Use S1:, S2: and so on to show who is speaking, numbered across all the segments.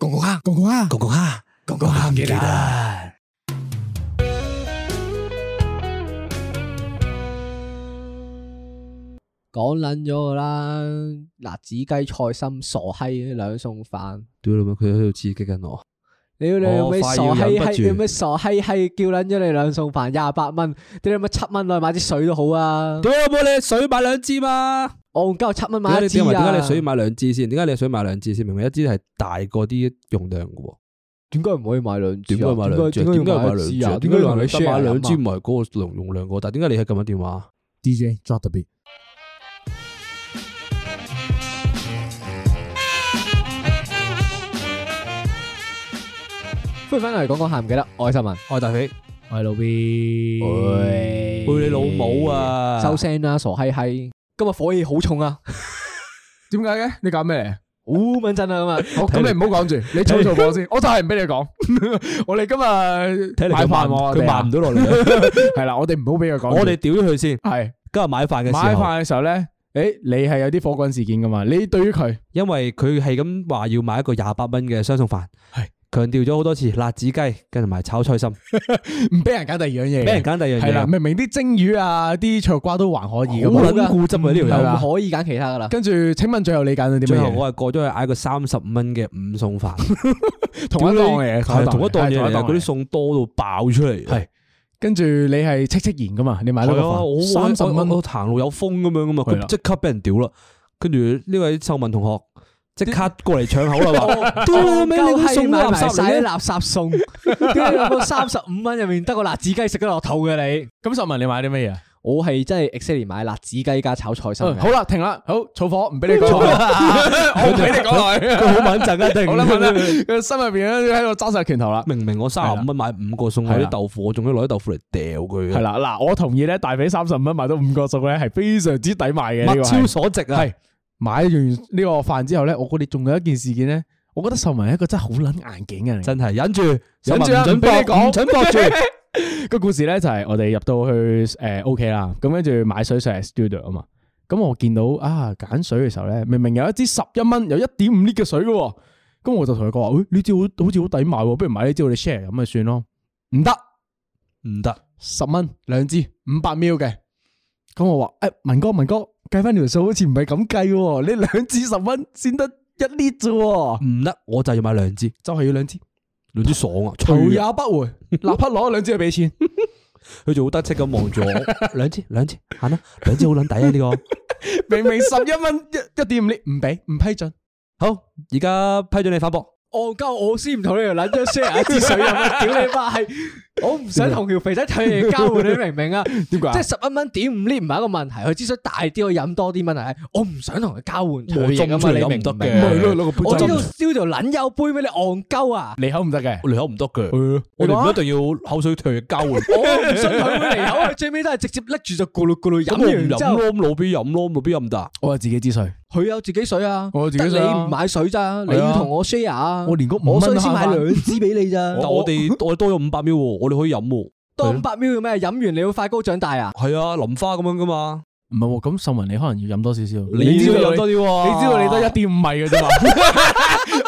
S1: 講講下，講講下，講講下，講講下，共
S2: 共共共共共記得。講捻咗噶啦，辣子雞、菜心、傻閪兩餸飯。屌你啦，佢喺度刺激緊我。你兩咩傻閪閪、哦，嘻嘻你咩傻閪閪，叫撚咗你兩餸飯廿八蚊，啲你乜七蚊內買支水都好啊？點解冇你水買兩支嘛？我唔夠七蚊買一支啊！點解你，你水買兩支，支先？點解你水買兩支，支先？明明一支係大個啲容量噶？點解唔可以買兩支？點解買兩支？點解買兩支？啊？點解買兩支？買兩支唔係嗰個容量個？但係點解你喺撳緊電話？DJ j 特別。不如翻嚟講講下，唔記得，愛新聞，愛大肥，愛老 B，背你老母啊！收聲啦，傻閪閪！今日火氣好重啊！點解嘅？你搞咩嚟？好穩陣啊嘛！好，咁你唔好講住，你炒餸講先，我就係唔俾你講。我哋今日睇你買飯，佢慢唔到落嚟。係啦，我哋唔好俾佢講。我哋屌咗佢先。係今日買飯嘅時候，買飯嘅時候咧，誒，你係有啲火滾事件噶嘛？你對於佢，因為佢係咁話要買一個廿八蚊嘅雙餸飯，係。強調咗好多次，辣子雞跟住埋炒菜心，唔俾人揀第二樣嘢，俾人揀第二樣嘢啦，明明啲蒸魚啊、啲菜瓜都還可以咁啦，固執啊呢條友，唔可以揀其他噶啦。跟住，請問最後你揀到點？最後我係過咗去嗌個三十五蚊嘅五餸飯，同一檔嘢，同一檔嘢，但係嗰啲餸多到爆出嚟。係，跟住你係戚戚然噶嘛？你買咗三十蚊，都行路有風咁樣噶嘛？佢即刻俾人屌啦。跟住呢位秀文同學。即刻過嚟搶口啦！救命！你送垃圾晒啲垃圾餸，佢有冇三十五蚊入面得個辣子雞食得落肚嘅你？咁十蚊你買啲乜嘢啊？我係真係 exactly 買辣子雞加炒菜心。好啦，停啦，好，燥火唔俾你講，我俾你講佢。我穩陣一定。我諗諗佢心入邊咧喺度揸晒拳頭啦。明明我三十五蚊買五個餸，係啲豆腐，我仲要攞啲豆腐嚟掉佢。係啦，嗱，我同意咧，大把三十蚊買到五個餸咧，係非常之抵買嘅，物超所值啊！係。買完呢個飯之後咧，我覺得仲有一件事件咧，我覺得秀文係一個真係好捻硬頸嘅，真係忍住，忍住唔准俾你講，唔准搏住。個故事咧就係、是、我哋入到去誒、呃、OK 啦，咁跟住買水上 studio 啊嘛，咁我見到啊揀水嘅時候咧，明明有一支十一蚊，有一 1.5L 嘅水嘅，咁我就同佢講話，誒呢支好好似好抵買，不如買呢支我哋 share 咁咪算咯，唔得唔得，十蚊兩支，五百 ml 嘅。10 元咁我話誒，文哥文哥，計翻條數好似唔係咁計喎，你兩至十蚊先得一 lift 咋？唔得，我就要買兩支，就係要兩支，兩支爽啊！頭、啊、也不回，立刻攞兩支去俾錢。佢就好得戚咁望住我，兩支兩支，行啦，兩支好撚抵啊！呢、這個明明十一蚊一一點五 lift，唔俾唔批准。好，而家批准你反駁。哦、我交我先唔同你攞兩支 share 支水啊！屌你媽係～我唔想同條肥仔退嘢交換，你明唔明啊？點解？即係十蚊一點五呢？唔係一個問題，佢支水大啲，我飲多啲問題。我唔想同佢交換退嘢啊嘛！你明唔得嘅？我知道燒條捻友杯俾你。你戇鳩啊！你口唔得嘅，你口唔得嘅，我哋唔一定要口水退嘢交換。我唔想退嘢嚟口，最尾都係直接拎住就咕嚕咕嚕飲完之後，咁路邊飲咯，路邊飲唔得啊？我係自己支水，佢有自己水啊，我自己。你唔買水咋？你要同我 share 啊？我連個五蚊先買兩支俾你咋？但係我哋我多咗五百秒。你可以飲喎。哦，當五百秒做咩？ 飲完你會快高長大，係啊！係啊，淋花咁樣噶嘛～唔係喎，咁秀文你可能要飲多少少，你知道飲多啲，你知道你得一點五米嘅啫嘛？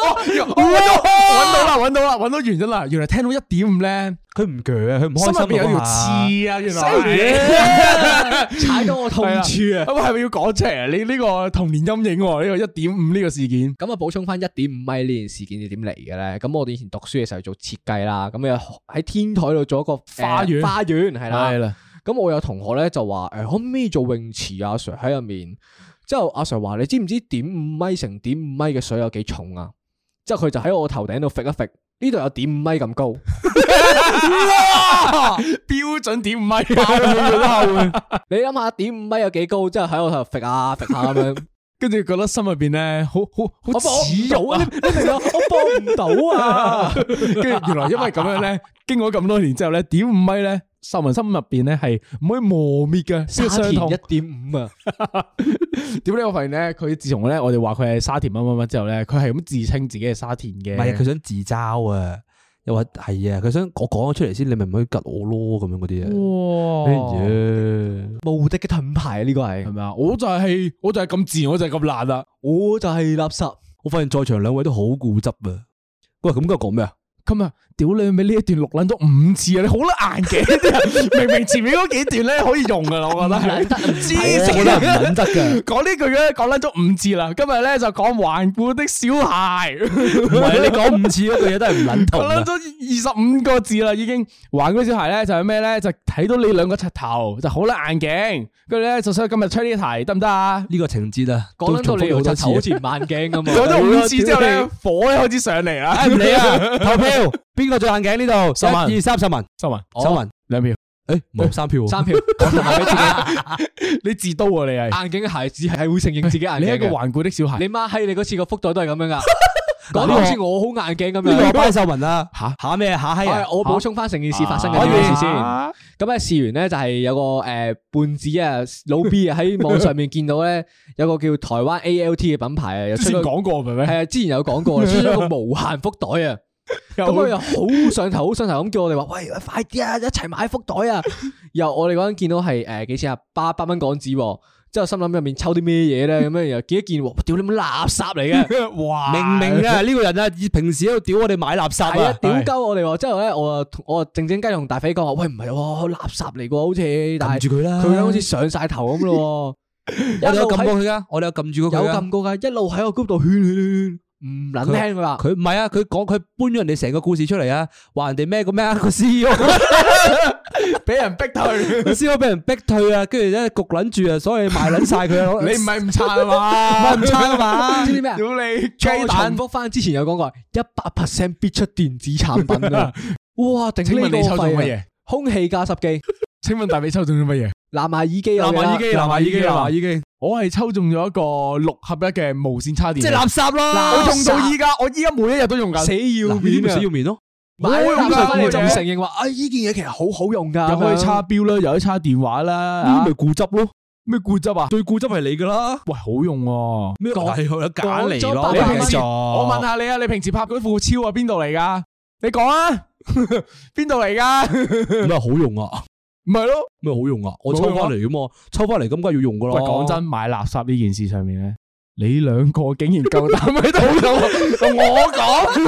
S2: 哦，揾到啦，揾到啦，揾到原因啦。原來聽到一點五咧，佢唔鋸啊，佢唔開心啊，心入邊有條刺啊，原來踩到我痛處啊！咁係咪要講出嚟？你呢個童年陰影，呢個一點五呢個事件，咁啊補充翻一點五米呢件事件你點嚟嘅咧？咁我哋以前讀書嘅時候做設計啦，咁啊喺天台度做一個花園，花園係啦。咁、嗯、我有同學咧就話誒可唔可以做泳池啊？阿 Sir 喺入面，之、啊、後阿 Sir 話你知唔知點五米乘點五米嘅水有幾重啊？之後佢就喺我頭頂度揈一揈，呢度有點五米咁高， 啊啊、標準點五米你諗下點五米有幾高？之後喺我頭度揈下揈下咁樣，跟住 覺得心入邊咧好好好恥辱啊！你明嘛？我幫唔到啊！跟住原來因為咁樣咧，經過咁多年之後咧，點五米咧。市民心入邊咧係唔可以磨滅嘅。沙田一點五啊，點 解 我發現咧，佢自從咧我哋話佢係沙田乜乜乜之後咧，佢係咁自稱自己係沙田嘅。唔係佢想自嘲啊，又或係啊，佢想我講咗出嚟先，你咪唔可以刉我咯咁樣嗰啲啊。哇，乜 Yeah, 無敵嘅盾牌啊！呢、這個係係咪啊？我就係我就係咁自我，就係咁爛啊！我就係、啊、垃圾。我發現在場兩位都好固執啊。喂，咁今日講咩啊？今日。屌你咪呢一段錄捻咗五次啊！你好啦硬頸，明明前面嗰幾段咧可以用噶啦，我覺得得，知數都得噶。講呢句嘅講捻咗五次啦，今日咧就講頑固的小孩，你講五次嗰句嘢都係唔捻同。捻咗二十五個字啦，已經頑固的小孩咧就係咩咧？就睇到你兩個柒頭，就好啦硬頸，跟住咧就想今日出呢題得唔得啊？呢個情節啊，講重你好似，好似硬頸咁啊！講咗五次之後，你火咧開始上嚟啦，你啊投票。邊個最硬頸呢度？三萬二、三十萬、秀文，秀文，兩票。誒，冇三票，三票。你自刀啊！你係硬頸嘅孩子係會承認自己硬頸。你係一個頑固的小孩。你孖閪你嗰次個福袋都係咁樣噶。講到好似我好硬頸咁樣。呢個我班秀文啦。吓吓咩？吓閪我補充翻成件事發生嘅啲事先。咁咧，事完咧就係有個誒胖子啊老 B 啊喺網上面見到咧有個叫台灣 ALT 嘅品牌啊。之前講過係咪？係啊，之前有講過，出咗個無限福袋啊。咁 佢又好 上頭，好上頭咁叫我哋話喂，快啲啊，一齊買福袋啊！然後 我哋嗰陣見到係誒幾錢啊？八百蚊港紙，之後心諗入面抽啲咩嘢咧？咁樣又見一件，我屌你冇垃圾嚟嘅，哇！明明啊，呢個人啊，平時喺度屌我哋買垃圾啊，屌鳩、這個啊、我哋、啊！之的後咧，我啊，我啊，靜靜雞同大肥講話，喂，唔係喎，垃圾嚟噶，呃呃、好似撳住佢啦，佢好似上晒頭咁咯， 我有冇撳過佢噶、啊？我哋有撳住佢，有撳過噶，一路喺我高度圈圈。唔撚聽㗎喇，佢唔係啊，佢講佢搬咗人哋成個故事出嚟啊，話人哋咩個咩啊個 CEO 俾人逼退，個，個 CEO 俾、那個、 人逼退啊，跟住咧焗撚住啊，所以賣撚晒佢啊， 你唔係唔拆啊嘛，唔係唔拆啊嘛，屌你！重複翻之前有講過，一百 percent 必出電子產品啊， 哇！個請問你抽中乜嘢？空氣加濕機。請問 大尾抽中咗乜嘢？藍牙耳機啊！藍牙耳機，藍牙耳機啊！藍牙耳機，我係抽中咗一個六合一嘅無線叉電，即係垃圾咯！我用到依家，我依家每一日都用緊，死要面，死要面咯，冇我唔承認話，哎，呢件嘢其實好好用噶又可以叉表啦，又可以叉電話啦，咁咪固執咯？咩固執啊？最固執係你噶啦！喂，好用咩？化學簡嚟咯，我問下你啊，你平時拍嗰副超係邊度嚟噶？你講啊，邊度嚟噶？咁啊，好用啊！唔係咯，咪好用啊！我抽翻嚟嘛，抽翻嚟咁，梗係要用噶啦。喂，講真，買垃圾呢件事上面咧，你兩個竟然夠膽喺度，同我講，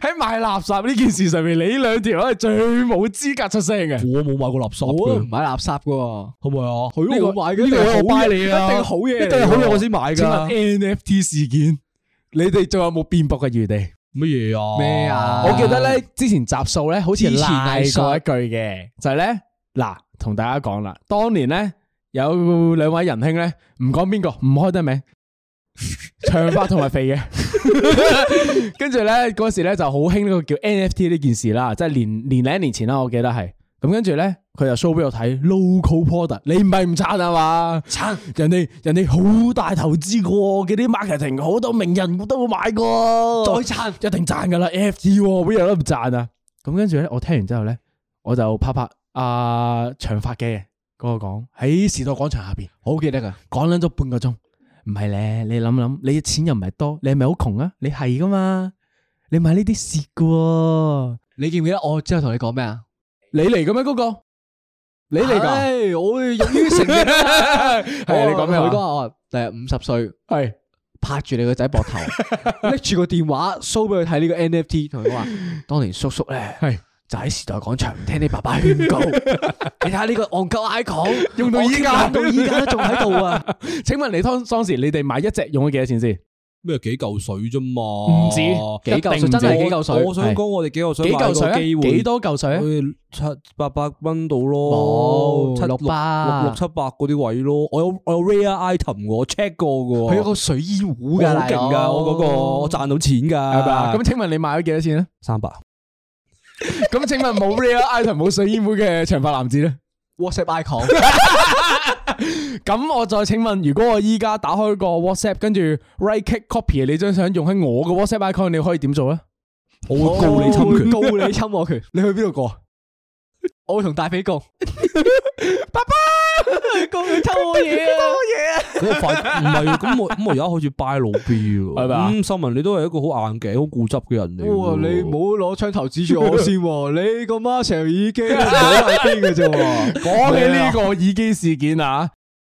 S2: 喺買垃圾呢件事上面，你兩條係最冇資格出聲嘅。我冇買過垃圾，買垃圾噶，好唔好啊？呢個我買嘅，呢個我 buy 你啦，一定好嘢，一定好嘢，我先買噶。請問 NFT 事件，你哋仲有冇辯駁嘅餘地？乜嘢啊？咩啊？我記得咧，之前集數咧，好似拉過一句嘅，就係咧，嗱，同大家講啦，當年咧有兩位仁兄咧，唔講邊個，唔開得名，長髮同埋肥嘅， 跟住咧嗰時咧就好興呢個叫 NFT 呢件事啦，即係年年零年前啦，我記得係。咁跟住咧，佢又 show 俾我睇 Local Porter，你唔係唔賺啊嘛？賺贊，人哋人哋好大投資過，佢啲 marketing 好多名人我都都買過，再賺，一定賺噶啦，A F G，乜人都唔賺啊！咁跟住咧，我聽完之後咧，我就拍拍阿長髮嘅嗰、嗰個講喺時代廣場下邊，好記得噶，講捻咗半個鐘，唔係咧，你諗諗，你錢又唔係多，你係咪好窮啊？你係噶嘛？你買呢啲蝕噶，你記唔記得我之後同你講咩啊？你嚟嘅咩嗰個？你嚟嘅，hey, 我勇於承認。係你講咩話？佢我啊，第日五十歲，係拍住你個仔膊頭，拎住個電話 show 俾佢睇呢個 NFT，同佢講話當年叔叔咧，係是就喺時代廣場唔聽你爸爸勸告。 你睇下呢個憨鳩 icon 用到依家，到依家都仲喺度啊！ 請問你當當時你哋買一隻用咗幾多錢先？咩幾嚿水啫嘛？唔止幾嚿水，真係幾嚿水。我想講我哋幾嚿水買個機會，幾多嚿水？七八百蚊到咯，六六六七百嗰啲位咯。我有我有 Rare Item 嘅，我 check 過嘅。係個水煙壺噶，好勁噶，我嗰個我賺到錢噶。係咪？咁請問你買咗幾多錢咧？三百。咁請問冇 Rare Item 冇水煙壺嘅長髮男子咧？WhatsApp icon 咁 我再請問，如果我而家打開個 WhatsApp，跟住 Right Click Copy 你張相用喺我嘅 WhatsApp Icon，你可以點做咧？我會告你侵權，告你侵我權。你去邊度過？我同大肥共
S1: 爸爸，共佢偷我嘢，偷我嘢啊！
S2: 唔係咁我咁我而家好似拜老 B 啊，係咪啊？咁秀文你都係一個好硬頸、好固執嘅人嚟。哇！你唔好攞槍頭指住我先，你個 Marshall 耳機喺邊嘅啫。講起呢個耳機事件啊，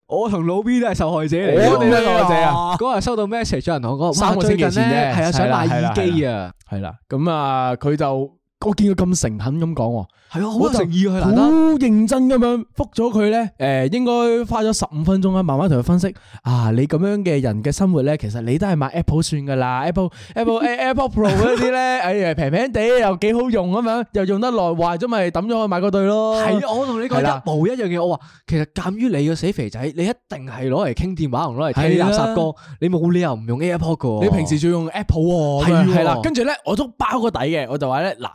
S2: 我同老 B 都係受害者嚟。我哋咩受害者啊？嗰日收到 message，人同我講三個星期前啫，係啊，想賴耳機啊。係啦，咁啊，佢就。我見佢咁誠懇咁講喎，係啊，好誠意係難得，好認真咁樣覆咗佢咧。誒，應該花咗十五分鐘啦，慢慢同佢分析。啊，你咁樣嘅人嘅生活咧，其實你都係買 Apple 算㗎啦。Apple，Apple AirPod Pro 嗰啲咧，哎呀平平地又幾好用咁樣，又用得耐，壞咗咪抌咗去買個對咯。係啊，我同你講一模一樣嘅，我話其實鑑於你個死肥仔，你一定係攞嚟傾電話同攞嚟聽垃圾歌，你冇理由唔用 AirPod 嘅。你平時仲要用 Apple 喎，係啦。跟住咧，我都包個底嘅，我就話咧嗱。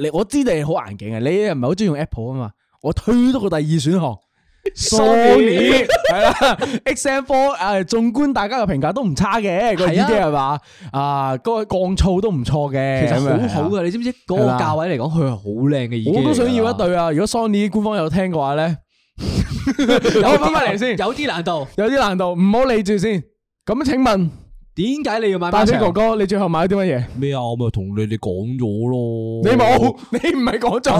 S2: 你我知道你好硬頸嘅，你又唔係好中意用 Apple 啊嘛？我推多個第二選項 Sony，係啦，X M Four，誒，縱觀大家嘅評價都唔差嘅，嗰個耳機係嘛？啊，嗰個降噪都唔錯嘅，其實好好嘅，嗎你知唔知價？嗰個價位嚟講，佢係好靚嘅耳機。我都想要一對啊！如果 Sony 官方有聽嘅話咧， 有翻翻嚟先， 有啲難度，有啲難度，唔好理住先。咁，請問？點解你要買單車？大哥哥，你最後買咗啲乜嘢？咩啊？我咪同你哋講咗咯。你冇？你唔係講咗？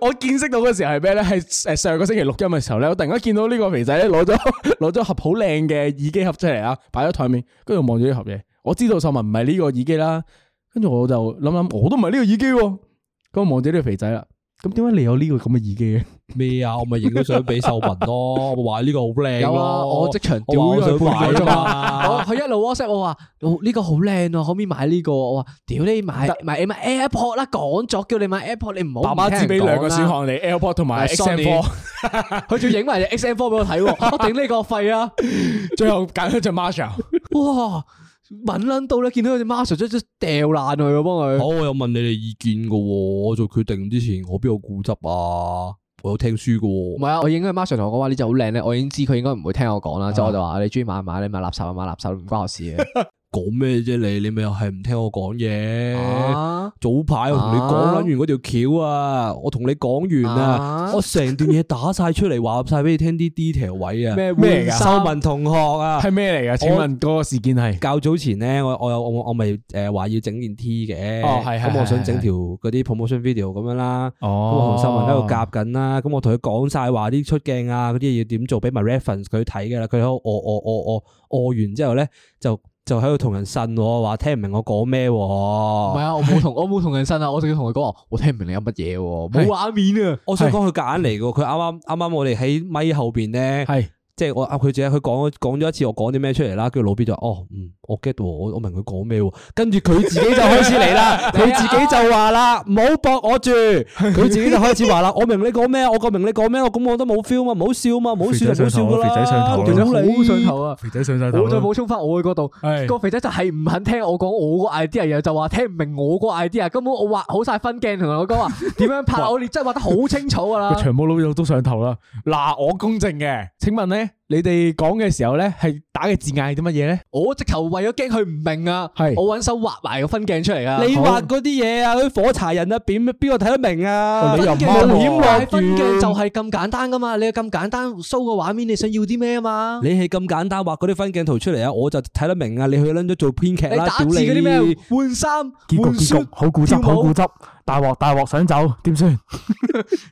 S2: 我我見識到嘅時候係咩咧？係誒上個星期錄音嘅時候咧，我突然間見到呢個肥仔咧，攞咗攞咗盒好靚嘅耳機盒出嚟啊！擺咗台面，跟住望住呢盒嘢。我知道秀文唔係呢個耳機啦，跟住我就諗諗，我都唔係呢個耳機喎。咁我望住呢個肥仔啦。咁點解你有呢個咁嘅耳機嘅？咩啊？我咪影咗相俾秀文咯， 我話呢個好靚咯，哦。我即場屌都想買啫嘛。佢一路 WhatsApp 我話呢個好靚啊，可唔可以買呢，這個？我話屌你買唔係買，買，買 AirPod 啦，講咗叫你買 AirPod，i 你唔好。爸爸只俾兩個選項你，AirPod i 同埋 X M Four。佢仲影埋隻 X M Four 俾我睇，我頂呢個肺啊！ 最後揀咗隻 Marshall。 哇！敏感到咧，見到佢隻 master 即即掉爛佢，幫佢。好，我有問你哋意見噶、哦，我做決定之前，我邊有固執啊？我有聽書噶、哦。唔係啊，我應佢 master 同我講話呢隻好靚咧，我已經知佢應該唔會聽我講啦，之後、啊、我就話你中意買唔買？你買垃圾啊，買垃圾唔關我的事嘅。 講咩啫？你你咪又係唔聽我講嘢？早排我同你講完嗰條橋啊！我同你講完啊。我成段嘢打晒出嚟，話晒俾你聽啲 detail 位啊，咩？咩？秀文同學啊，係咩嚟噶？請問個事件係較早前咧，我我有我我咪誒話要整件 T 嘅，咁我想整條嗰啲 promotion video 咁樣啦。咁同秀文喺度夾緊啦，咁我同佢講晒話啲出鏡啊，嗰啲嘢點做，俾埋 reference 佢睇噶啦。佢喺度我我我我我完之後咧就。就喺度同人呻，話聽唔明我講咩？唔係啊，我冇同 我冇同人呻啊，我直接同佢講，我聽唔明你有乜嘢，冇畫面啊！是我想講佢夾硬嚟嘅，佢啱啱啱啱，剛剛我哋喺咪後邊咧，是即係我佢仲係佢講講咗一次我，我講啲咩出嚟啦？跟住老 B 就哦，嗯。我 get 喎，我我明佢講咩，跟住佢自己就開始嚟啦，佢 你、啊、自己就話啦，唔好駁我住，佢自己就開始話啦， 我明你講咩，我咁明你講咩，我咁我都冇 feel 嘛，唔好笑嘛，唔好笑就唔好笑噶啦，仲有你，肥仔上頭，仲有你，唔好再補充翻我嗰度，個是肥仔就係唔肯聽我講我個 idea，又就話聽唔明我個 idea，根本我畫好晒分鏡同埋我講話點樣拍我， 我連真係畫得好清楚噶啦， 長毛佬又都上頭啦，嗱、啊、我公正嘅，請問呢？你哋講嘅時候咧，係打嘅字眼係啲乜嘢咧？我直頭為咗驚佢唔明啊！是我揾手畫埋個分鏡出嚟啊！你畫嗰啲嘢啊，啲火柴人啊，邊邊個睇得明啊？哦、你又唔明啊分鏡、冒險、外分鏡就係咁簡單噶嘛！你咁簡單 show 嘅畫面，你想要啲咩啊嘛？你係咁簡單畫嗰啲分鏡圖出嚟啊，我就睇得明啊！你去捻咗做編劇啦，屌你！打字嗰啲咩？換衫衣，換衣結局結局好固執舞，好固執。大鑊大鑊，想走點算？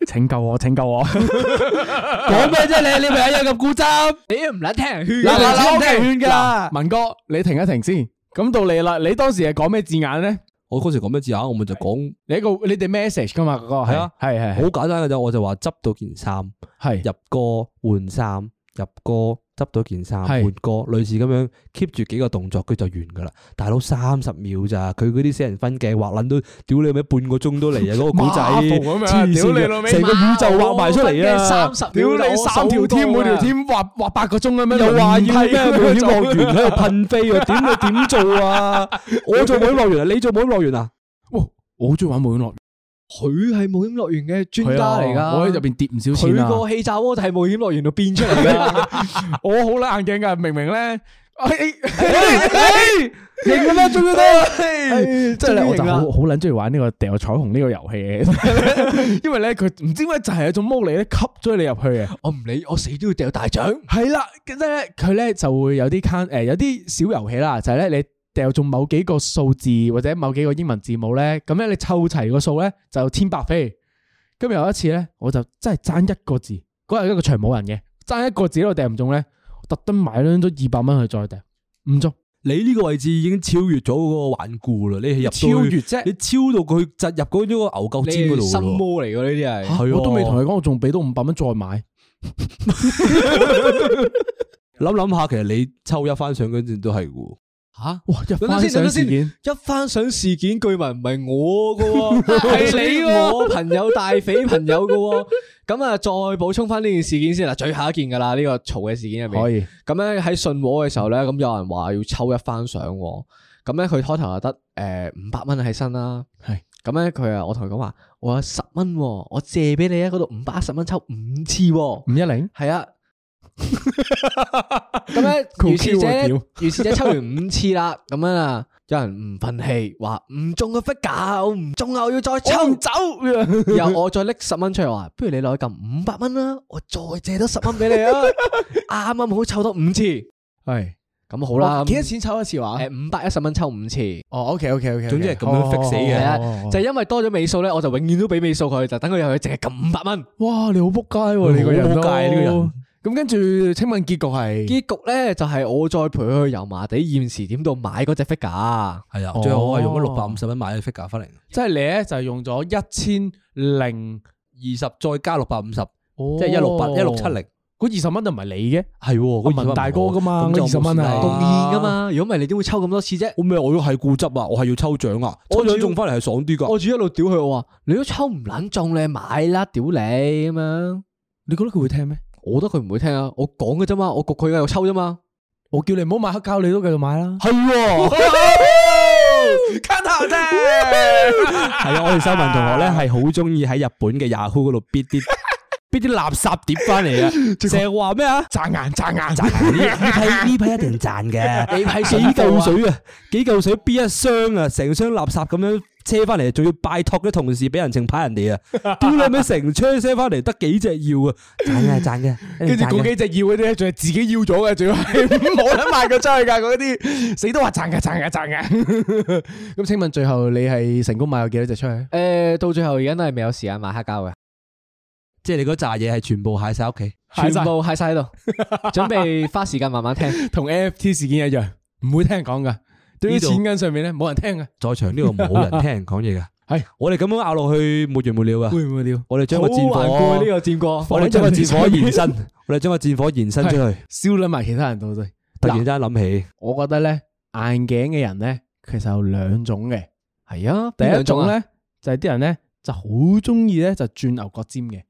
S2: 請救我，請救我！講咩啫你？你咪一樣咁固執，你唔撚聽人勸，你諗聽人勸噶？文哥，你停一停先。咁到你啦，你當時係講咩字眼咧？我當時講咩字眼？我咪就講你一個你哋 message 噶嘛，係啊，係係好簡單嘅啫。我就話執到件衫，係入歌換衫，入歌。執到件衫換歌，類似咁樣 keep 住幾個動作，佢就完噶啦。大佬三十秒咋？佢嗰啲死人分鏡畫捻到，屌你咪半個鐘都嚟啊！嗰個古仔黐線成個宇宙畫埋出嚟啊！屌你三條添，每條添，畫畫八個鐘咁樣，又話要咩？摩天樂園喺度噴飛啊！點啊點做啊？我做摩天樂園啊？你做摩天樂園啊？我好中意玩摩天樂園。佢係冒險樂園嘅專家嚟噶，我喺入邊跌唔少錢，佢個氣炸鍋就係冒險樂園度變出嚟嘅，我、哎哎哎哎哎哎哎、好冷眼鏡噶，明明咧，認咗咩中咗得？即係咧，我就好好捻中意玩呢個掉彩虹呢個遊戲嘅，因為咧佢唔知點解就係、uh, 有種魔力咧吸追你入去嘅，我唔理，我死都要掉大獎。係啦，即係咧，佢咧就會有啲坑誒，有啲小遊戲啦，就係咧你。掟中某幾個數字或者某幾個英文字母咧，咁咧你湊齊個數咧就千百飛。今日有一次咧，我就真係爭一個字。嗰日一個場冇人嘅，爭一個字都掟唔中咧，我特登買咗二百蚊去再掟，唔中。你呢個位置已經超越咗嗰個頑固啦，你入超越啫，你超到佢就入嗰啲牛角尖嗰度喎。心魔嚟嘅呢啲係，我都未同你講，我仲俾到五百蚊再買。諗諗下，其實你抽一翻上嗰陣都係喎。吓！一翻相事件，一翻相事件，據聞唔係我噶，係你我朋友大匪朋友噶。咁啊，再補充翻呢件事件先嗱，最後一件噶啦，呢個嘈嘅事件入面。可以咁咧，喺信和嘅時候咧，咁有人話要抽一翻相，咁咧佢開頭又得誒五百蚊喺身啦。係咁咧，佢啊，我同佢講話，我有十蚊，我借俾你啊，嗰度五百一十蚊抽五次，五一零。係啊。
S1: 咁樣，如是者，如是者抽完五
S2: 次啦，咁樣啊，有人唔忿氣，話唔中啊不搞，唔中我要再抽走，然後我再拎十蚊出嚟，話不如你攞去撳五百蚊啦，我再借多十蚊俾你啊，啱啱好抽多五次，係咁好啦，幾多錢抽一次話？誒，五百一十蚊抽五次，哦，OK OK OK，總之係咁樣蝕死嘅，就因為多咗尾數咧，我就永遠都俾尾數佢，就等佢又去淨係撳五百蚊，哇，你好撲街喎，你個撲街呢個人。咁跟住，請問結局係？結局咧就係、是、我再陪佢去油麻地現時點度買嗰隻 figure。係啊的，哦、最後我係用咗六百五十蚊買咗 figure 翻嚟。即係你咧就係、是、用咗一千零二十，再加六百五十，即係一六八一六七零。嗰二十蚊都唔係你嘅，係文大哥㗎嘛？咁二十蚊啊，獨二㗎嘛？如果唔係你點會抽咁多次啫？我咪我係固執啊！我係要抽獎啊！抽獎中翻嚟係爽啲㗎。我仲一路屌佢，我話你都抽唔撚中，你買啦屌你咁樣。你覺得佢會聽咩？我覺得佢唔會聽啊！我講嘅啫嘛，我焗佢又抽啫嘛，我叫你唔好買黑膠，你都繼續買啦。係，跟頭真係。啊、嗯， 我哋修文同學咧係好中意喺日本嘅 Yahoo 嗰度搣啲搣啲垃圾碟翻嚟啊！成日話咩啊賺硬賺硬，呢批呢批一定賺嘅，呢批 幾嚿水啊，幾嚿水搣一箱啊，成箱垃，垃圾咁樣。車翻嚟仲要拜託啲同事俾人情拍人哋啊！屌你媽成車車翻嚟得幾隻要啊？賺嘅賺嘅，跟住嗰幾隻要嗰啲咧，仲係自己要咗嘅，仲係冇得賣佢出去噶嗰啲，死都話賺嘅賺嘅賺嘅。咁請問最後你係成功賣咗幾多隻出去？誒，到最後而家都係未有時間賣黑膠嘅，即係你嗰扎嘢係全部喺晒屋企，全部喺晒喺度，準備花時間慢慢聽。同 NFT 事件一樣，唔會聽人講噶。對於錢銀上面咧，冇人聽嘅。在場呢度冇人聽人講嘢嘅。係，我哋咁樣咬落去，冇完冇了噶。冇完冇了。我哋將個戰火呢個戰火，我哋將個戰火延伸，我哋將個戰火延伸出去，燒甩埋其他人度。突然之間諗起，我覺得咧，硬頸嘅人咧，其實有兩種嘅。係啊，第一種咧就係啲人咧就好中意咧就轉牛角尖嘅。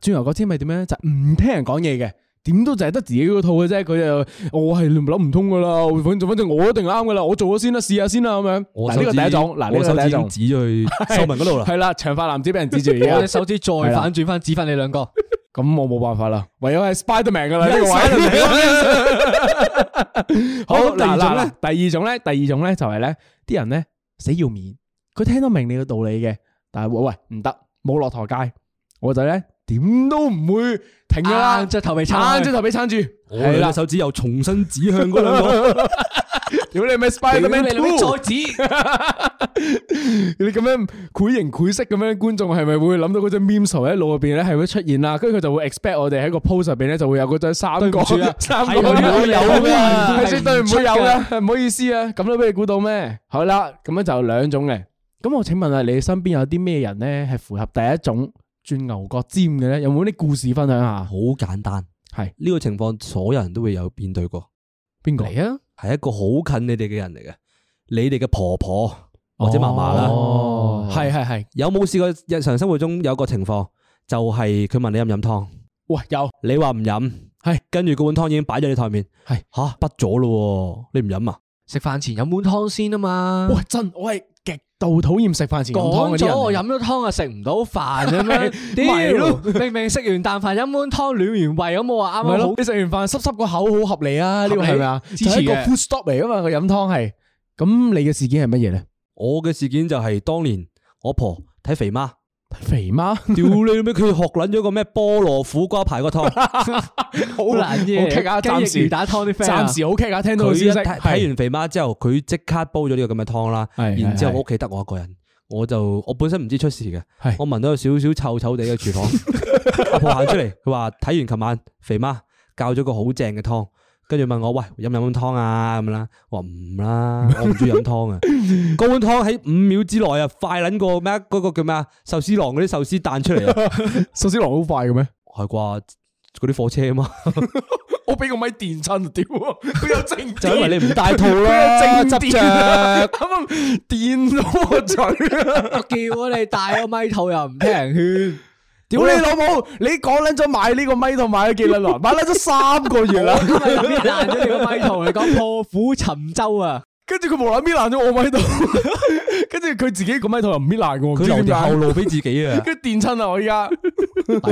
S2: 轉牛角尖係點樣咧？就唔聽人講嘢嘅。點都就係得自己嗰套嘅啫，佢就我係諗唔通噶啦。反正反正我一定啱噶啦，我做咗先啦，試下先啦咁樣。嗱呢個第一種，嗱你手指就指去蘇文嗰度啦。係啦，長髮男子俾人指住，而我隻手指再反轉翻指翻你兩個，咁我冇辦法啦，唯有係 Spiderman 噶啦。好嗱嗱嗱，第二種咧，第二種咧就係咧，啲人咧死要面，佢聽得明你嘅道理嘅，但係喂唔得，冇落台階，我就咧。點都唔會停啦！隻、啊、頭被撐，隻頭被撐住。係啦，手指又重新指向嗰兩個。 如果你咪 spy 咁咩？你唔好再指。 你咁樣繪形繪色咁樣，潰潰觀眾係咪會諗到嗰隻 meme 喺腦入邊咧係會出現啦？跟住佢就會 expect 我哋喺個 post 入邊咧就會有嗰隻三角。啊、三角唔會有噶，絕對唔會有噶。唔好意思啊，咁都俾你估到咩？好啦，咁樣就兩種嘅。咁我請問下你身邊有啲咩人咧係符合第一種？是轉牛角尖嘅咧，有冇啲故事分享下？好簡單，係呢是個情況所有人都會有面對過。邊個嚟啊？係一個好近你哋嘅人嚟嘅，你哋嘅婆婆、哦、或者嫲嫲啦。哦，係係係，有冇試過日常生活中有個情況，就係、是、佢問你飲唔飲湯？喂，有你話唔飲，係是跟住嗰碗湯已經擺咗你台面，係吓不咗咯？你唔飲啊？食飯前飲碗湯先啊嘛。喂，真喂。極度討厭食飯前飲湯嘅人，講咗飲咗湯就食唔到飯咁樣，屌，明明食完啖飯飲碗湯暖完胃咁，我話啱 你食完飯濕濕個口好合理啊？呢個係咪啊？係一個 food stop 嚟啊嘛，佢飲湯係。咁你嘅事件係乜嘢咧？我嘅事件就係當年我婆睇肥媽。肥媽，屌你咩？佢學捻咗個咩菠蘿苦瓜，瓜排骨湯， 好難耶、啊！暫、啊、時雞打湯啲 friend，暫時好傾下。聽到先睇完肥媽之後，佢即的刻煲咗呢個咁嘅湯啦。然之後我屋企得我一個人，我就我本身唔知出事嘅。的我聞到有少少臭臭地嘅廚房，阿婆行的 出嚟，佢話睇完琴晚肥媽教咗個好正嘅湯。跟住問我，喂，飲唔飲碗湯啊？咁啦，話唔啦，我唔中意飲湯啊。嗰碗湯喺五秒之內啊，快捻過咩？嗰個叫咩啊？壽司郎嗰啲壽司彈出嚟啊？壽司郎好快嘅咩？係啩？嗰啲火車啊嘛？我俾個咪電親，屌！佢有正，就因為你唔戴套啊執著。咁啊，電我嘴啊！我叫你，戴個咪套又唔聽人勸。屌、哦、你老母！你講捻咗買呢個咪頭買咗幾耐啦？買捻咗、啊、三個月啦！無啦
S1: 啦你爛咗條咪頭，你
S2: 講破釜沉舟啊！跟住佢無啦啦搣爛咗我咪頭，跟住佢自己個咪頭又唔搣爛嘅，佢留條後路俾自己啊！跟電親啊！我依家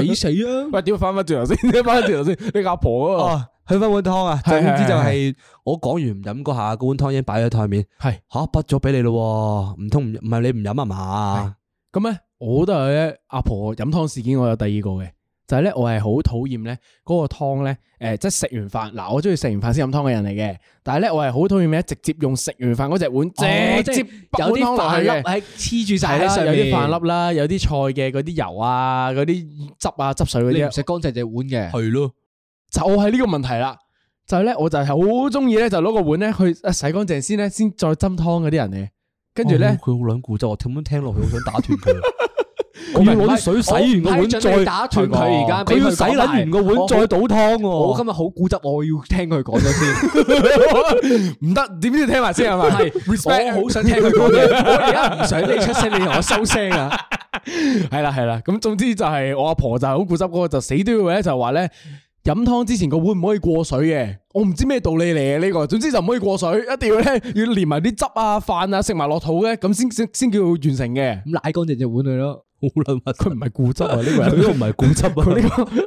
S2: 抵死啊！喂，點翻翻轉頭先？翻翻轉頭先？你阿婆啊？去翻碗湯啊！是是是是總之就係我講完唔飲嗰下，嗰碗湯已經擺喺台面。係吓是是、啊，畢咗俾你咯，唔通唔唔係你唔飲啊嘛？咁咧？我都係咧，阿婆飲湯事件，我有第二個嘅，就係咧，我係好討厭咧嗰個湯咧，誒，即係食完飯嗱，我中意食完飯先飲湯嘅人嚟嘅，但係咧，我係好討厭咩，直接用食完飯嗰隻碗直接、哦、有啲飯粒嘅，黐住晒，有啲飯粒啦，有啲菜嘅嗰啲油啊，嗰啲汁啊，汁水嗰啲，你唔洗乾淨隻碗嘅，係咯的，就係呢個問題啦，就係咧，我就係好中意咧，就攞個碗咧去洗乾淨先咧，先再斟湯嗰啲人嚟，跟住咧，佢好撚固執，我點樣聽落去，好想打斷佢。
S1: 要攞啲水洗完個碗再打斷佢而家，佢要洗撚完個碗再倒湯。我今日
S2: 好固執，我要聽佢講咗先，唔得，點知要聽埋先係咪？我好想聽佢講嘢，我而家唔想你出聲，你同我收聲啊！係啦係啦，咁總之就係我阿婆就係好固執，嗰個就死都要咧，就話咧飲湯之前個碗唔可以過水嘅。我唔知咩道理嚟嘅，呢個，總之就唔可以過水，一定要咧要連埋啲汁啊飯啊食埋落肚嘅，咁先先先叫完成嘅。咁瀨乾淨隻碗去咯。好啦，佢唔係固執啊，呢、呢個呢個唔係固執啊，呢、 呢個，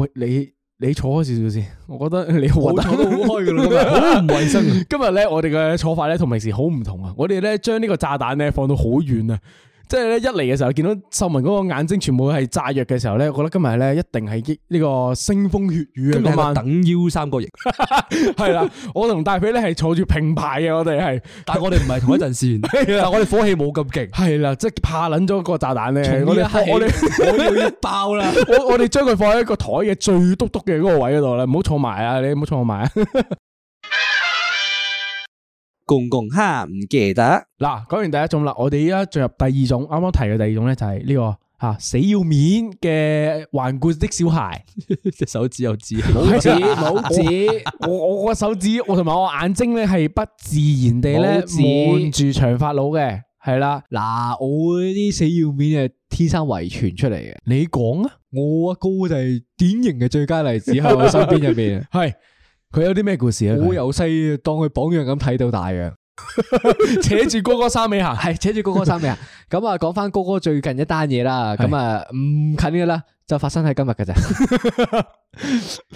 S2: 喂，你你坐開少少先，我覺得你好， 坐都好開噶啦，衛生。今日咧，我哋嘅坐法咧同平時好唔同啊，我哋咧將呢個炸彈咧放到好遠啊。即係咧一嚟嘅時候，見到秀文嗰個眼睛，全部係炸藥嘅時候咧，我覺得今日咧一定係呢個腥風血雨啊！等腰三角形係啦，我同大肥咧係坐住平排嘅，我哋係，但係我哋唔係同一陣綫， 但我哋火氣冇咁勁。係啦、 啊，即係怕捻咗個炸彈咧，我哋我哋我要一爆啦，我我哋將佢放喺一個台嘅最篤篤嘅嗰個位嗰度啦，唔好坐埋啊，你唔好坐埋啊。 公共吓唔記得嗱，講完第一種啦，我哋依家進入第二種，啱啱提嘅第二種咧就係呢、這個吓、啊、死要面嘅頑固的小孩，隻 手指有痣，冇指冇 指，指 我我個手指，我同埋我眼睛咧係不自然地咧，換住指長髮佬嘅係啦，嗱我呢啲死要面係天生遺傳出嚟嘅，你講啊， 我阿哥就係典型嘅最佳例子喺我身邊入面，係。 佢有啲咩故事咧？我由細當佢榜樣咁睇到大嘅，扯住哥哥衫尾行，係扯住哥哥衫尾行。咁啊，講翻哥哥最近一單嘢啦，咁啊唔近嘅啦，就發生喺今日嘅咋。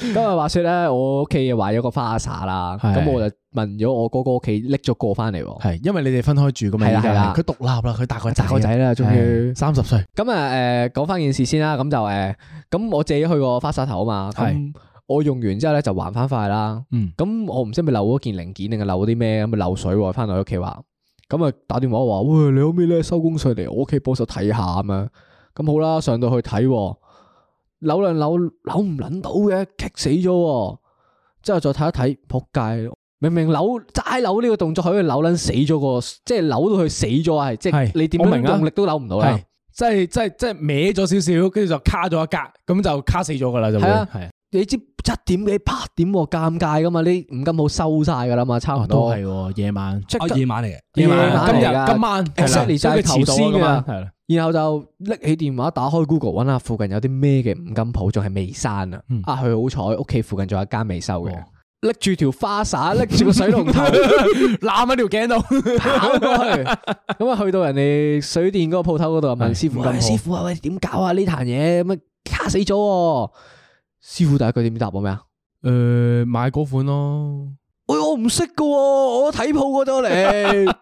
S2: 今日話說咧，我屋企又懷有個花灑啦，咁我就問咗我哥哥屋企拎咗個翻嚟，係因為你哋分開住咁樣嘅，佢獨立啦，佢大個仔啦，終於三十歲。咁啊，誒，講翻件事先啦，咁就誒，咁我自己去過花灑頭啊嘛，係。我用完之後咧就還翻塊啦。嗯，嗯。咁我唔知係咪漏咗件零件，定係漏咗啲咩？咁咪漏水喎。翻到屋企話，咁啊打電話話：，喂，你可唔可以收工上嚟我屋企幫手睇下？咁、嗯、樣。咁好啦，上到去睇，扭兩扭，扭唔捻到嘅，棘死咗。之後再睇一睇，撲街！明明扭、齋扭呢個動作可以扭捻死咗個，即係扭到佢死咗係。是即係你點都用力都扭唔到啦。即係即係即係歪咗少，少少，跟住就卡咗一格，咁就卡死咗噶啦，就會。係你知七點幾？八點，尷尬噶嘛？啲五金鋪收晒噶啦嘛，差唔多係夜晚，哦夜晚嚟嘅，夜晚今日今晚，十年債頭先噶嘛，然後就拎起電話，打開 Google，搵下附近有啲咩嘅五金鋪仲係未閂啊？啊，佢好彩，屋企附近仲有一間未收嘅，拎住條花灑，拎住個水龍頭，攬喺條頸度，跑過去，咁啊去到人哋水電嗰個鋪頭嗰度，問師傅，師傅啊喂，點搞啊？呢壇嘢咁啊卡死咗。師傅第一句點答我咩啊？誒、呃，買嗰款咯。哎，我唔識噶，我睇鋪嗰度嚟。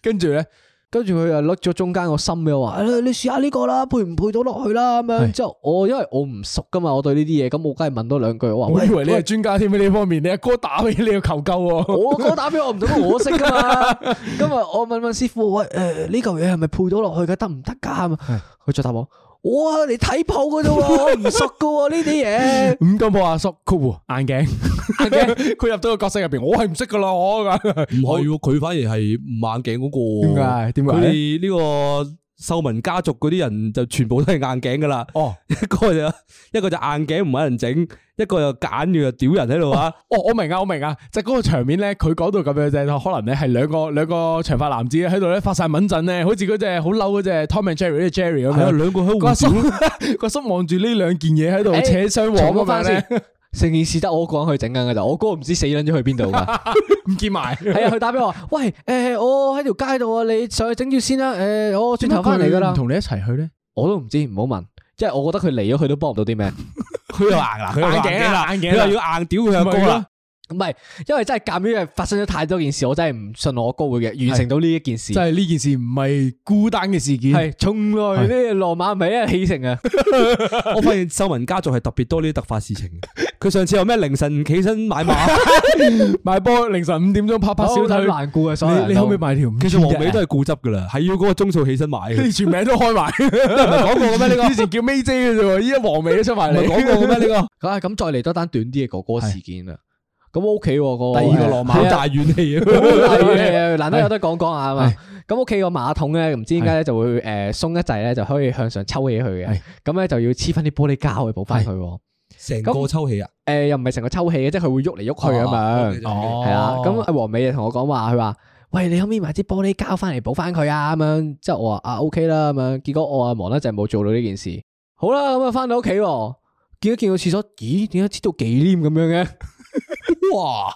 S2: 跟住咧，跟住佢又甩咗中間個心嘅話，你試下呢個啦，配唔配到落去啦？咁樣之後我，我因為我唔熟噶嘛，我對呢啲嘢，咁我梗係問多兩句。我話我以為你係專家添，呢方面你阿哥打俾你要求救我。 我哥打俾我唔到我，我識噶嘛？ 今日我問問師傅，喂，誒、呃，呢嚿嘢係咪配到落去嘅得唔得噶？佢、啊、 再答我。哇！你睇鋪噶我唔熟噶呢啲嘢。五金鋪阿叔，酷！眼鏡，眼鏡，佢入到個角色入邊，我係唔識噶啦，我噶。唔係喎，佢反而係唔眼鏡嗰個。點解？點解？佢呢個。秀文家族嗰啲人就全部都係硬頸噶啦，一個就一個就硬頸唔揾人整，一個又揀住就屌人喺度啊！哦，我明啊，我明啊，就嗰、是、個場面咧，佢講到咁樣就可能咧係兩個兩個長髮男子喺度咧發晒敏陣咧，好似嗰隻好嬲嗰隻 Tom and Jerry 啲 Jerry 咁、啊、樣，兩個喺護短，個心望住呢兩件嘢喺度扯雙簧咁先。成件事得我一個人去整緊噶咋，我哥唔知死卵咗去邊度噶，唔 見埋。係啊，佢打畀我喂。誒、欸，我喺條街度啊，你上去整住先啦。誒、欸，我轉頭翻嚟噶啦。唔同你一齊去咧，嗯、我都唔知，唔好問。即係我覺得佢嚟咗，佢都幫唔到啲咩。佢又硬啦，硬頸啦，硬頸，佢又要硬屌佢阿哥啦。 唔係，因為真係夾面，因為發生咗太多件事，我真係唔信我哥會嘅完成到呢一件事。就係呢件事唔係孤單嘅事件。係從來呢羅馬唔係一起成啊！我發現秀文家族係特別多呢啲突發事情。佢上次有咩凌晨起身買馬買波，凌晨五點鐘拍拍小腿，難顧啊！所以你可唔可以買條？其實黃尾都係固執噶啦，係要嗰個鐘數起身買。你全名都開埋，唔係講過嘅咩？呢個以前叫 May 姐嘅啫，依家黃尾都出埋嚟。唔係講過嘅咩？呢個咁再嚟多單短啲嘅哥哥事件啊！咁屋企個第二個羅馬好大怨氣啊，難得有得講講啊，咁屋企個馬桶咧，唔知點解咧就會誒鬆一劑咧，就可以向上抽起佢嘅。咁咧就要黐翻啲玻璃膠去補翻佢，成個抽氣啊？誒，又唔係成個抽氣嘅，即係佢會喐嚟喐去啊。咁，係啊。咁阿黃美啊，同我講話，佢話喂，你可唔可以買支玻璃膠翻嚟補翻佢啊？咁樣，即係我話啊，OK 啦。咁樣，結果我啊忙得就冇做到呢件事。好啦，咁啊翻到屋企，見一見個廁所，咦？點解黐到幾黏咁樣嘅？哇！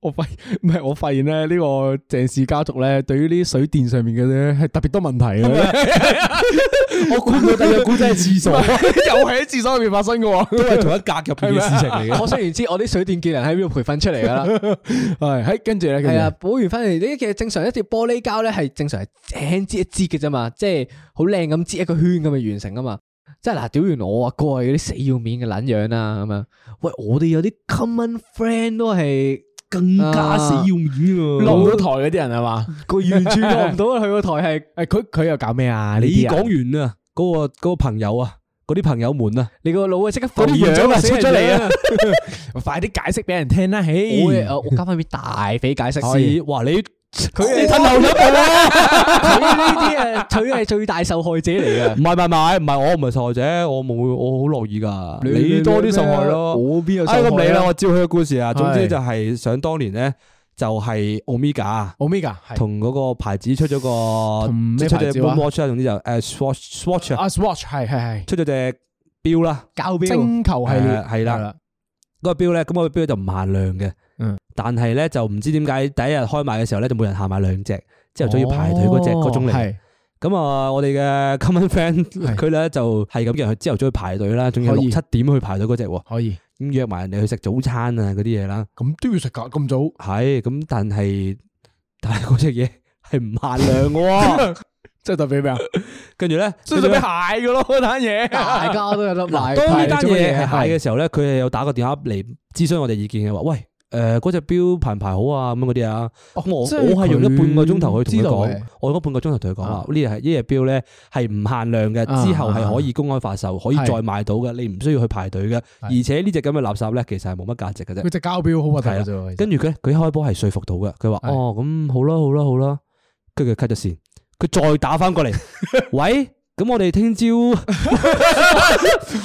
S2: 我發現唔係我發現咧，呢個鄭氏家族咧，對於呢啲水電上面嘅咧係特別多問題嘅。
S1: 是不是 我估佢哋第二估真
S2: 係廁所，自助 又係喺廁所入面發生嘅， 都係同一格入面嘅事情嚟嘅。可不 想而知，我啲水電技能喺、 哎、邊度培訓出嚟噶啦。係喺跟住咧，係啊，補完翻嚟，呢其實正常一條玻璃膠咧係正常係整接一接嘅啫嘛，即係好靚咁接一個圈咁去完成啊嘛。即係嗱，屌完我啊，個係嗰啲死要面嘅撚樣啦，咁樣。喂，我哋有啲 common friend 都係更加死要面喎。落咗台嗰啲人係嘛？佢完全落唔到啊！佢個台係誒，佢佢又搞咩啊？你講完啊，嗰個嗰個朋友啊，嗰啲朋友們啊，你個腦啊即刻浮樣出出嚟啊！快啲解釋俾人聽啦！誒，我交返俾大肥解釋先。哇，你～佢哋趁漏咗嘅，佢呢啲啊，佢係最大受害者嚟嘅。唔係唔係唔係，唔係我唔係受害者，我冇，我好樂意噶。你，你多啲受害咯。我邊有受害、哎？我唔理啦，我知佢嘅故事啊。總之就係想當年咧，就係 Omega Omega 係同嗰個牌子出咗個同咩牌子啊？總之就，誒 swatch、啊、swatch swatch 係係係，出咗隻表啦，膠表，星球係係啦，嗰了個表咧，咁、那個表就唔限量嘅。但係咧，就唔知點解第一日開賣嘅時候咧，就每人限買兩隻，朝頭早要排隊嗰隻嗰種嚟。咁啊，我哋嘅 common friend 佢咧就係咁嘅，佢朝頭早要排隊啦，仲要六七點去排隊嗰隻。可以咁約埋人哋去食早餐啊，嗰啲嘢啦，咁都要食噶，咁早係咁，但係但係嗰隻嘢係唔限量嘅，即係特別咩。跟住咧，所以特俾蟹嘅咯，呢單嘢，大家都有得買。當呢單嘢係蟹嘅時候咧，佢係有打個電話嚟諮詢我哋意見嘅，話喂。誒，嗰隻表排唔排好啊？咁嗰啲啊，我我係用咗半個鐘頭去同佢講，我用咗半個鐘頭同佢講話，呢隻表咧係唔限量嘅，之後係可以公開發售，可以再買到嘅，你唔需要去排隊嘅，而且呢隻咁嘅垃圾咧，其實係冇乜價值嘅啫。佢隻膠表好核突，係啦，跟住佢佢開波係說服到嘅，佢話哦咁好啦好啦好啦，跟住佢 cut 咗綫，佢再打翻過嚟，喂。咁我哋聽朝，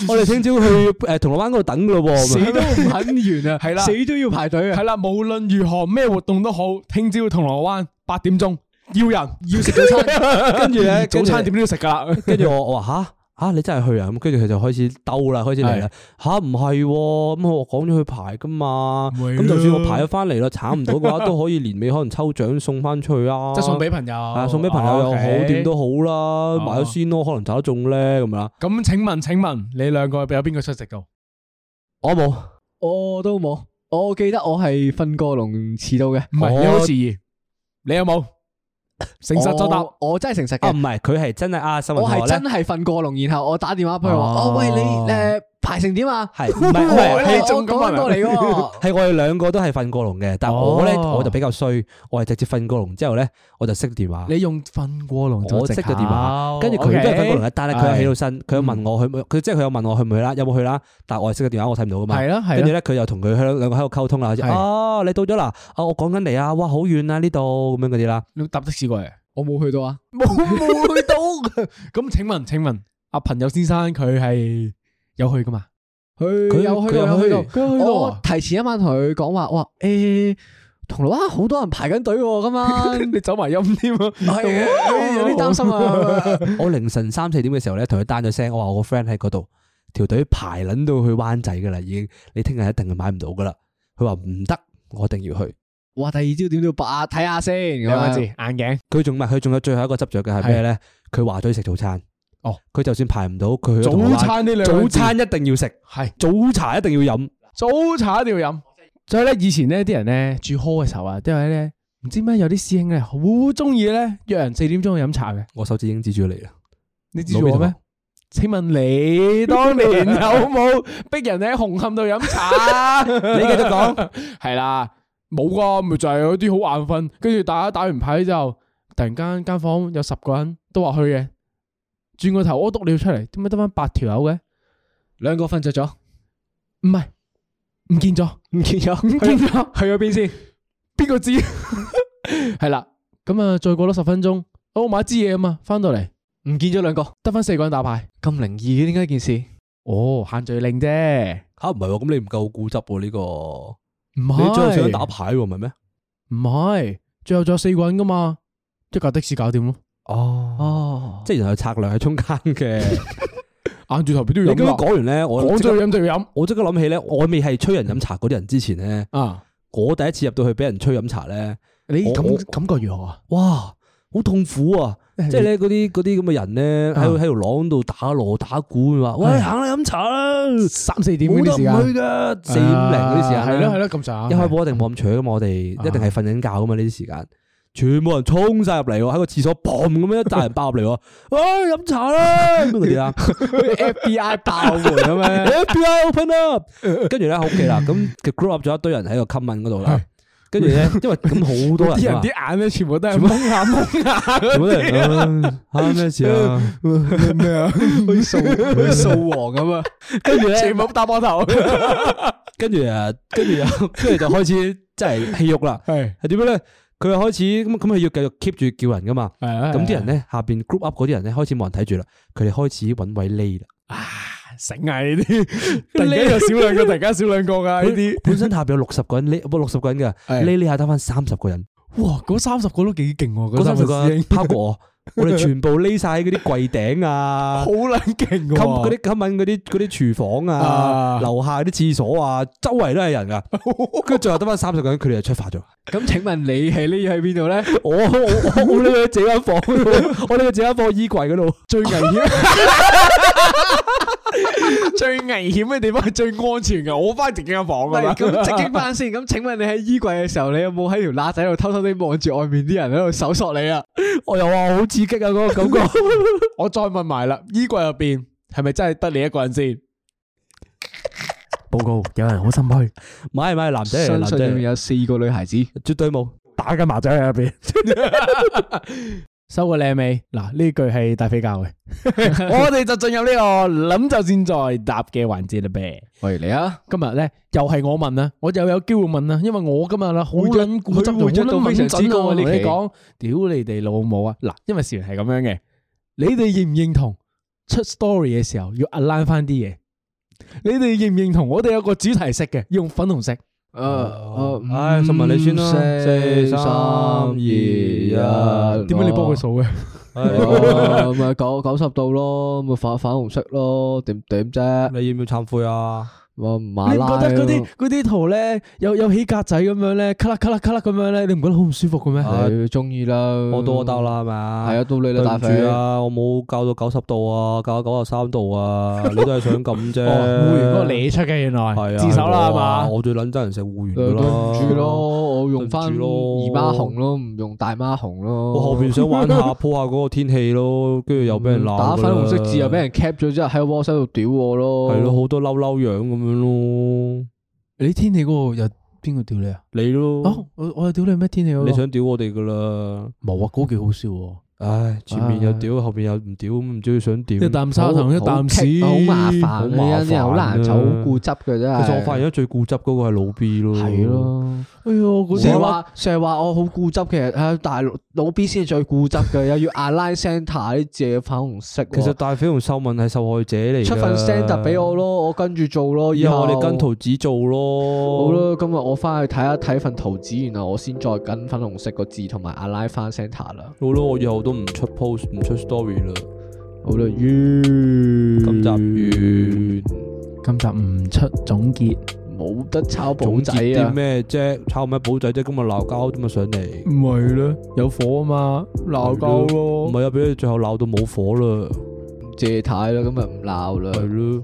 S2: 我哋聽朝去誒銅鑼灣嗰度等咯喎，啊，死都唔肯完啊！係啦 了，死都要排隊啊！係啦，無論如何咩活動都好，聽朝銅鑼灣八點鐘要人要食早餐， 跟住咧、嗯、早餐點都要食噶啦，跟住 我我話吓？」啊！你真係去啊？咁跟住佢就開始鬥啦，開始嚟啦。吓的，唔係咁我講咗去排噶嘛。咁的就算我排咗翻嚟啦，慘唔到嘅話都可以年尾可能抽獎送翻出去啊。即係送俾朋友，啊、送俾朋友又好，點、啊 okay、都好啦。買咗先咯，啊、可能就得中咧咁啦。咁請問請問，你兩個有邊個出席噶？我冇，我都冇。我記得我係瞓過龍遲到嘅，唔係有遲疑。我我你有冇？誠實作答、哦，我真係誠實嘅，唔係佢係真係啊，我係真係瞓過籠，然後我打電話俾佢話，哦喂，你誒。呃排成點啊？係唔係唔係？我講埋過嚟嘅係我哋兩個都係瞓過籠嘅，但係我咧我就比較衰，我係直接瞓過籠之後咧我就熄電話。你用瞓過籠，我熄咗電話，跟住佢都係瞓過籠，但係佢又起到身，佢又問我去佢，即係佢又問我去唔去啦，有冇去啦？但係我熄咗電話我睇唔到噶嘛。係跟住咧佢又同佢兩兩個喺度溝通啦，哦你到咗啦，哦我講緊嚟啊，哇好遠啊呢度咁樣嗰啲啦。你搭的士過嚟？我冇去到啊，冇冇去到。咁請問請問阿朋友先生佢係？有去噶嘛？去，佢有去啊，去佢去到。我提前一晚同佢講話，哇，誒，銅鑼灣好多人排緊隊噶嘛，你走埋陰添啊？係啊，有啲擔心啊。我凌晨三四點嘅時候咧，同佢單咗聲，我話我 friend 喺嗰度，條隊排捻到去灣仔噶啦，已經，你聽日一定係買唔到噶啦。佢話唔得，我一定要去。哇，第二朝點都要白啊，睇下先。兩個字，硬頸，佢仲咪，佢仲有最後一個執着嘅係咩咧？佢話咗要食早餐。哦，佢就算排唔到，佢早餐呢兩早餐一定要食，係是早茶一定要飲，早茶一定要飲。所以咧，以前呢啲人咧住 hall 嘅時候啊，即係咧唔知咩有啲師兄咧好中意咧約人四點鐘去飲茶嘅。我手指已經指住你啦，你指住我咩？請問你當年有冇逼人喺紅磡度飲茶？ 啊、你繼續講，係啦， 冇㗎，咪就係有啲好眼瞓。跟住打打完牌之後，突然間間房有十個人都話去嘅。轉個頭，我督尿出嚟，點解得翻八條友嘅？兩個瞓着咗，唔係，唔見咗，唔見咗，唔見咗，去咗邊先？邊個知？係 啦， 咁啊，再過多十分鐘，哦，我買支嘢啊嘛，翻到嚟唔見咗兩個，得翻四個人打牌，咁靈異嘅點解件事？哦，限聚令啫。吓唔係？咁你唔夠固執呢，啊這個？唔係你最後想打牌喎，唔係咩？唔係最後仲有四個人噶嘛，一架的士搞掂咯。哦哦，即係原來策略喺中間嘅，硬住頭皮都要飲。我講完咧，我講咗飲就飲。我即刻諗起咧，我未係催人飲茶嗰啲人之前咧，啊，我第一次入到去俾人催飲茶咧，你感感覺如何啊？哇，好痛苦啊！即係咧嗰啲啲咁嘅人咧，喺喺條廊度打鑼打鼓，話喂行啦飲茶啦，三四點嗰啲時間去噶，四點零嗰啲時間係咯係咯，咁一開波一定冇咁早噶嘛，我哋一定係瞓緊覺噶嘛呢啲時間。全部人沖晒入嚟喎，喺個廁所 boom 咁樣一紮人爆入嚟喎，唉飲茶啦咁嗰啲啦，FBI 爆門咁樣，FBI open up，跟住咧好嘅啦，咁佢 group up 咗一堆人喺個 comment 嗰度啦，跟住咧因為咁好多人啲人啲眼咧全部都係蒙眼蒙眼嗰啲啊咩事啊咩啊，去掃去掃黃咁啊，跟住全部打光頭，跟住啊跟住又跟住就開始真係起鬱啦，係係點樣咧？佢又開始咁咁，佢要繼續 keep 住叫人噶嘛？咁啲人咧下邊 group up 嗰啲人咧開始冇人睇住啦，佢哋開始揾位匿啦。啊，醒啊！呢啲突然間有少兩，突然間少兩個噶！呢啲本身下邊有六十個人匿，六十個人噶匿匿下得翻三十個人。哇！嗰三十個都幾勁，嗰三十個趴過我哋全部匿晒喺嗰啲櫃頂啊，好撚勁噶！咁嗰啲、嗰啲、嗰啲廚房啊、樓下啲廁所啊，周圍都係人噶，跟住最後得翻三十個人，佢哋就出發咗。咁請問你係匿喺邊度咧？我我匿喺自己房度， 我匿喺自己房衣櫃嗰度最危險，最危險嘅地方係最安全噶。我翻自己間房啊嘛。刺激翻先。咁 請問你喺衣櫃嘅時候，你有冇喺條罅仔度偷偷哋望住外面啲人喺度搜索你啊？ 我又話好刺激啊嗰、嗰個感覺。 我再問埋啦，衣櫃入邊係咪真係得你一個人先？報告有人好心虛，買唔買男仔？相信有四個女孩子，絕對冇打緊麻雀喺入邊，收個靚妹。嗱，呢句係大飛教嘅，我哋就進入呢個諗就先再答嘅環節啦，唄。喂，嚟啊！今日咧又係我問啦，我又有機會問啦，因為我今日啦好硬頸，真會做到非常之高。你講屌你哋老母啊！嗱，因為事源係咁樣嘅，你哋認唔認同出 story 嘅時候要 align 翻啲嘢？你哋認唔認同？我哋有個主題色嘅，用粉紅色。誒，唉，十埋你先啦。四三二一，點解你幫佢數嘅？咪九九十度咯，咪粉粉紅色咯，點點啫？你要唔要懺悔啊？你覺得嗰啲嗰啲圖咧，有有起格仔咁樣咧，卡啦卡啦卡啦咁樣咧，你唔覺得好唔舒服嘅咩？係中意啦，我多我啦，係嘛？係啊，到你啦，對住啊！我冇教到九十度啊，教到九十三度啊，你都係想咁啫。芋圓嗰個你出嘅原來，係啊，自首啦係嘛？我最捻憎人食芋圓噶啦，對住咯，我用翻二媽紅咯，唔用大媽紅咯。我後邊想玩下鋪下嗰個天氣咯，跟住又俾人鬧，打粉紅色字又俾人 cap 咗，之後喺個 WhatsApp 度屌我咯。係咯，好多嬲嬲樣咁。咯，你天氣嗰個又邊個屌你啊？你咯，我我又屌你咩天氣？你想屌我哋噶啦？冇啊，嗰幾好笑。唉，前面又屌，後邊又唔屌，唔知佢想點。一啖砂糖，一啖屎，好麻煩，好麻煩，好難做，好固執嘅真係。其實我發現最固執嗰個係老 B 咯。係咯。哎成日話成日話,話,話我好固執，其實喺大陸老 B 先係最固執嘅， 又要阿拉 center 啲字粉紅色。其實大粉紅收文係受害者嚟。出份 center 俾我咯，我跟住做咯。以後我哋跟圖紙做咯。好啦，今日我翻去睇一睇份圖紙，然後我先再跟粉紅色個字同埋阿拉翻 center 啦。好啦，我以後都唔出 post 唔出 story 啦。好啦，完。今集完。今集唔出總結。冇得炒寶仔啊！咩啫？炒咩寶仔啫？今日鬧交啫嘛，上嚟，唔係咯？有火啊嘛，鬧交咯，唔係啊？俾佢最後鬧到冇火啦，借太啦，今日唔鬧啦，係咯。